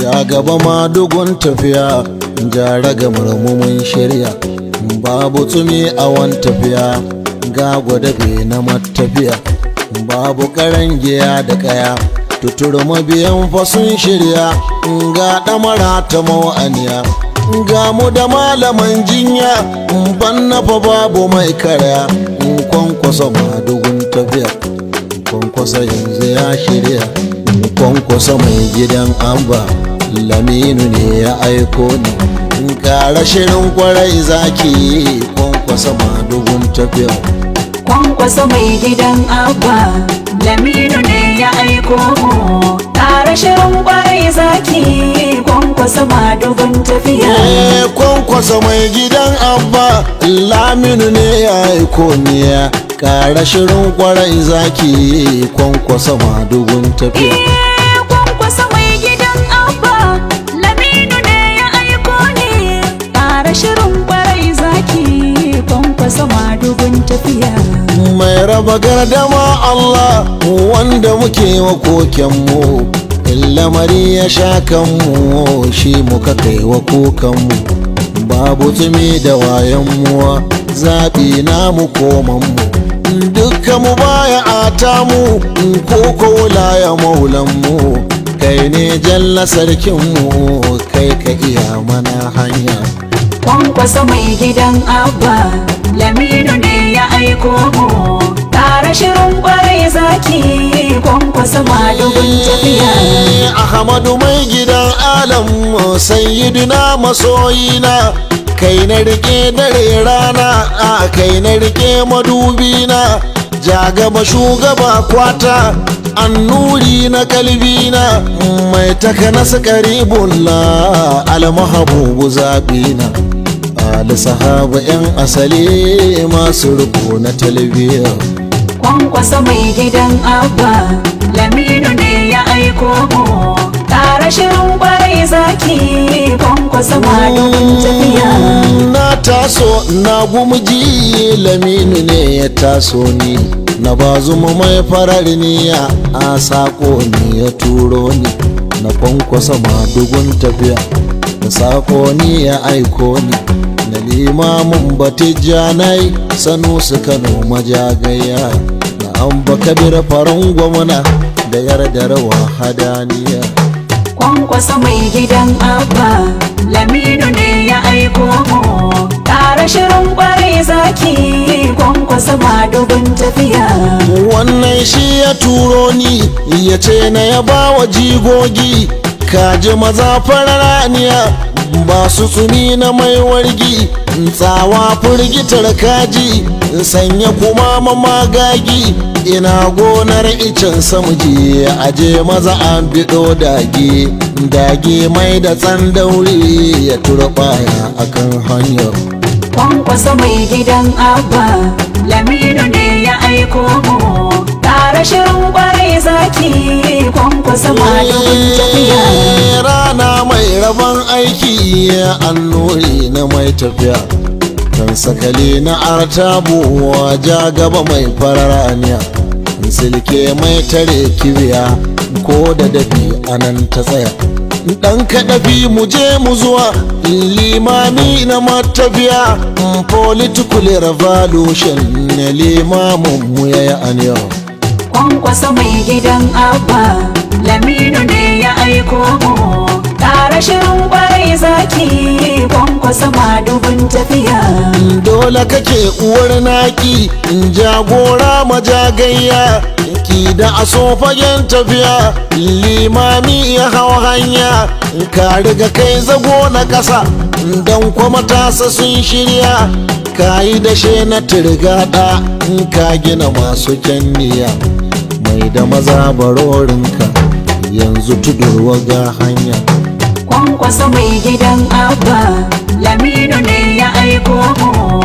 ja gaba ma dogon tafiya ja raga murmumin shirya babu tsumi a wan tafiya ga gwadabe na matafiya babu karangiya da kaya tuturu mabiyan fasun shirya ga ɗamara ta mawa'aniya ga mu da malaman jinya ban na fa babu mai karya kwankwasa ma dugun tafiya kwankwasa yanzu ya shirya kwankwasa mai gidan amba laminu ne ya aiko ni in kara shirin kwarai zaki kwankwasa ma madugun tafiya kwankwasa mai gidan abba laminu ne ya aiko mu kara shirin kwarai zaki kwankwasa ma madugun tafiya eh, kwankwasa mai gidan abba laminu ne ya aiko ni kara shirin kwarai zaki kwankwasa ma madugun tafiya eh, mai raba gardama Allah wanda muke wa kokenmu lamari ya sha kanmu shi muka kai wa kokanmu babu tumi da wayanmu zaɓi namu komanmu dukkan mu baya ata mu koko ya maulanmu kai ne jalla sarkinmu kai ka iya mana hanya kwankwasa mai gidan abba laminu ne ya aiko mu tare shirin kwarai zaki kwankwasa madugun tafiya ahmadu mai gidan alam sayyidina masoyina kai na rike dare rana a kai na rike madubina gaba shugaba kwata annuri na kalbina mai taka na al almahabubu zabina Ali sahaba 'yan asali masu riko na talibiyar. Kwankwasa mai gidan abba, laminu ne ya aiko mu, tare shirin kwarai zaki kwankwasa ma domin tafiya. Mm, na taso na gumji laminu ne ya taso ni, na bazu zuma mai farar niya a sako ni ya turo ni, na kwankwasa ma dugun tafiya, da sako ni ya aiko ni. Imamun limamin sanu su kano majagaya na amba kabir farin gwamna da yardar hadaniya kwankwasa mai gidan abba laminu ne ya aiko mu tare shirin kwarai zaki kwankwasa dubin tafiya wannan shi ya turo ni ya ce na ya bawa jigogi kaji maza raniya. basu tsumi na mai wargi tsawa firgitar kaji sanya kuma mamagagi ina gonar icen samji aje maza an bido dage dage mai da tsandauri ya turbaya kan hanyar kwasa mai gidan abba lamino ne ya aiko mu tare shirin kwarai za gaban aiki ya annori na mai tafiya kan sakale na artabu ja gaba mai fararaniya silke mai tare kibiya ko da dabi anan ta tsaya dan kaɗafi mu je mu zuwa limami na matafiya political revolution na limamin mu ya yi an yau kwankwasa mai gidan abba laminu ne ya aiko mu Tara shirin kwarai zaki kwankwasa ma tafiya. Dole kake uwar naki in jagora majagayya. Ki da aso fagen tafiya limami ya hau hanya ka riga kai zago na ƙasa don kuma tasa sun shirya ka yi dashe na turgada in ka gina masu kyanniya mai da maza barorinka yanzu tudurwa ga hanya kwankwasa mai gidan abba lamino ne ya aiko mu